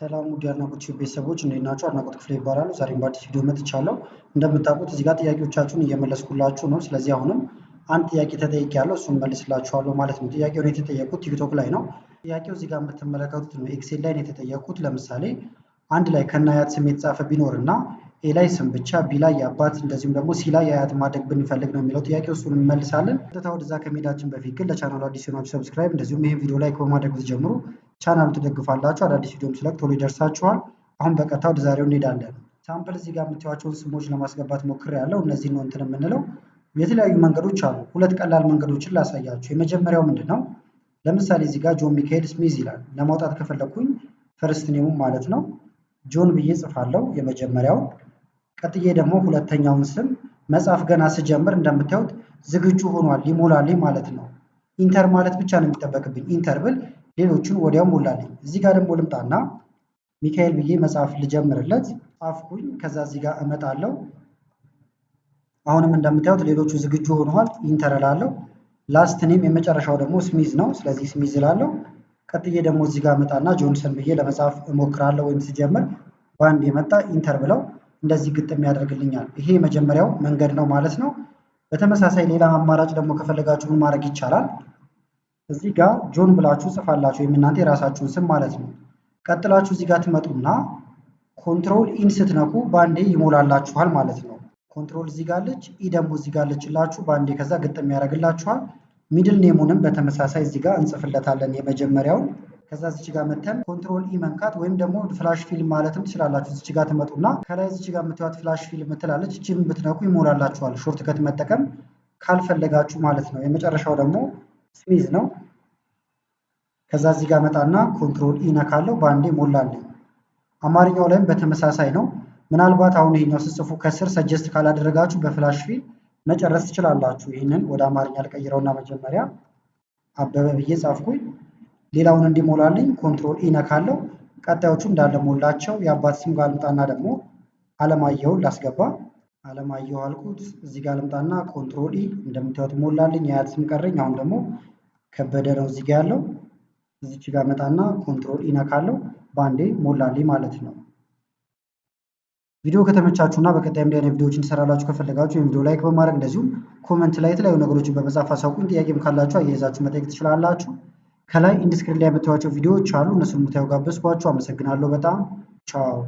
ሰላም ውድ አድናቆት ቲዩብ ቤተሰቦች እንዴት አድናቆት ክፍሌ ይባላሉ። ዛሬም በአዲስ ቪዲዮ መጥቻለሁ። እንደምታውቁት እዚህ ጋር ጥያቄዎቻችሁን እየመለስኩላችሁ ነው። ስለዚህ አሁንም አንድ ጥያቄ ተጠይቅ ያለው እሱን መልስላችኋለሁ ማለት ነው። ነው የተጠየቁት ቲክቶክ ላይ ነው። ጥያቄው እዚህ ጋር የምትመለከቱት ነው። ኤክሴል ላይ የተጠየቁት ለምሳሌ አንድ ላይ አያት ስም የተጻፈ ቢኖር እና ኤ ላይ ስም ብቻ፣ ቢ ላይ የአባት እንደዚሁም ደግሞ ሲ ላይ የአያት ማደግ ብንፈልግ ነው የሚለው ጥያቄ። እሱን እንመልሳለን። ቀጥታ ወደዛ ከመሄዳችን በፊት ግን ለቻናሉ አዲስ የሆናችሁ ሰብስክራይብ፣ እንደዚሁም ይህን ቪዲዮ ላይክ በማድረግ ብትጀምሩ ቻናል ትደግፋላችሁ አዳዲስ ቪዲዮም ስለቅ ቶሎ ይደርሳችኋል። አሁን በቀጥታ ወደ ዛሬው እንሄዳለን። ሳምፕል እዚህ ጋር የምታዩዋቸውን ስሞች ለማስገባት ሞክር ያለው እነዚህ ነው እንትን የምንለው የተለያዩ መንገዶች አሉ። ሁለት ቀላል መንገዶችን ላሳያችሁ። የመጀመሪያው ምንድን ነው? ለምሳሌ እዚህ ጋር ጆን ሚካኤል ስሚዝ ይላል። ለማውጣት ከፈለግኩኝ ፈርስት ኔሙ ማለት ነው ጆን ብዬ ጽፋለው የመጀመሪያው ቀጥዬ ደግሞ ሁለተኛውን ስም መጽሐፍ ገና ስጀምር እንደምታዩት ዝግጁ ሆኗል ይሞላልኝ ማለት ነው። ኢንተር ማለት ብቻ ነው የሚጠበቅብኝ። ኢንተር ብል ሌሎቹን ወዲያው ሞላልኝ። እዚህ ጋር ደግሞ ልምጣና ሚካኤል ብዬ መጽሐፍ ልጀምርለት ጻፍኩኝ። ከዛ እዚህ ጋር እመጣለሁ። አሁንም እንደምታዩት ሌሎቹ ዝግጁ ሆነዋል። ኢንተር እላለሁ። ላስት ኔም የመጨረሻው ደግሞ ስሚዝ ነው። ስለዚህ ስሚዝ እላለሁ። ቀጥዬ ደግሞ እዚህ ጋር እመጣና ጆንሰን ብዬ ለመጻፍ እሞክራለሁ ወይም ስጀምር በአንድ የመጣ ኢንተር ብለው እንደዚህ ግጥም ያደርግልኛል። ይሄ የመጀመሪያው መንገድ ነው ማለት ነው። በተመሳሳይ ሌላ አማራጭ ደግሞ ከፈለጋችሁ ማድረግ ይቻላል። እዚህ ጋር ጆን ብላችሁ ጽፋላችሁ ወይም እናንተ የራሳችሁን ስም ማለት ነው። ቀጥላችሁ እዚህ ጋር ትመጡና ኮንትሮል ኢን ስትነኩ ባንዴ ይሞላላችኋል ማለት ነው። ኮንትሮል እዚህ ጋር አለች፣ ኢ ደግሞ እዚህ ጋር አለችላችሁ ባንዴ ከዛ ግጥም ያደርግላችኋል። ሚድል ኔሙንም በተመሳሳይ እዚህ ጋር እንጽፍለታለን የመጀመሪያው። ከዛ እዚች ጋር መተን ኮንትሮል ኢ መንካት ወይም ደግሞ ፍላሽ ፊልም ማለትም ትችላላችሁ። እዚች ጋር ትመጡና ከላይ እዚች ጋር የምትዋት ፍላሽ ፊልም ትላለች። እቺን ብትነኩ ይሞላላችኋል፣ ሾርትከት መጠቀም ካልፈለጋችሁ ማለት ነው። የመጨረሻው ደግሞ ስሚዝ ነው። ከዛ እዚህ ጋር መጣና ኮንትሮል ኢ ነካለሁ በአንዴ ሞላልኝ። አማርኛው ላይም በተመሳሳይ ነው። ምናልባት አሁን ይሄኛው ስጽፉ ከስር ሰጀስት ካላደረጋችሁ በፍላሽ ፊል መጨረስ ትችላላችሁ። ይህንን ወደ አማርኛ ልቀይረውና መጀመሪያ አበበ ብዬ ጻፍኩኝ። ሌላውን እንዲሞላልኝ ኮንትሮል ኢ ነካለሁ። ቀጣዮቹ እንዳለ ሞላቸው። የአባት ስም ጋር ልምጣና ደግሞ አለማየሁን ላስገባ። አለማየሁ አልኩት እዚህ ጋር ልምጣና ኮንትሮል ኢ e እንደምታዩት ሞላልኝ የአያት ስም ቀረኝ። አሁን ደግሞ ከበደ ነው እዚህ ጋር ያለው። እዚች ጋር መጣና ኮንትሮል ኢ ነካለው በአንዴ ሞላልኝ ማለት ነው። ቪዲዮ ከተመቻችሁና በቀጣይ እንዲህ አይነት ቪዲዮዎችን እንሰራላችሁ ከፈለጋችሁ ወይም ቪዲዮ ላይክ በማድረግ እንደዚሁም ኮመንት ላይ የተለያዩ ነገሮችን በመጻፍ አሳውቁኝ። ጥያቄም ካላችሁ አያይዛችሁ መጠየቅ ትችላላችሁ። ከላይ ኢንዲስክሪን ላይ የምታዩቸው ቪዲዮዎች አሉ። እነሱን የምታዩ ጋበዝኳችሁ። አመሰግናለሁ በጣም ቻው።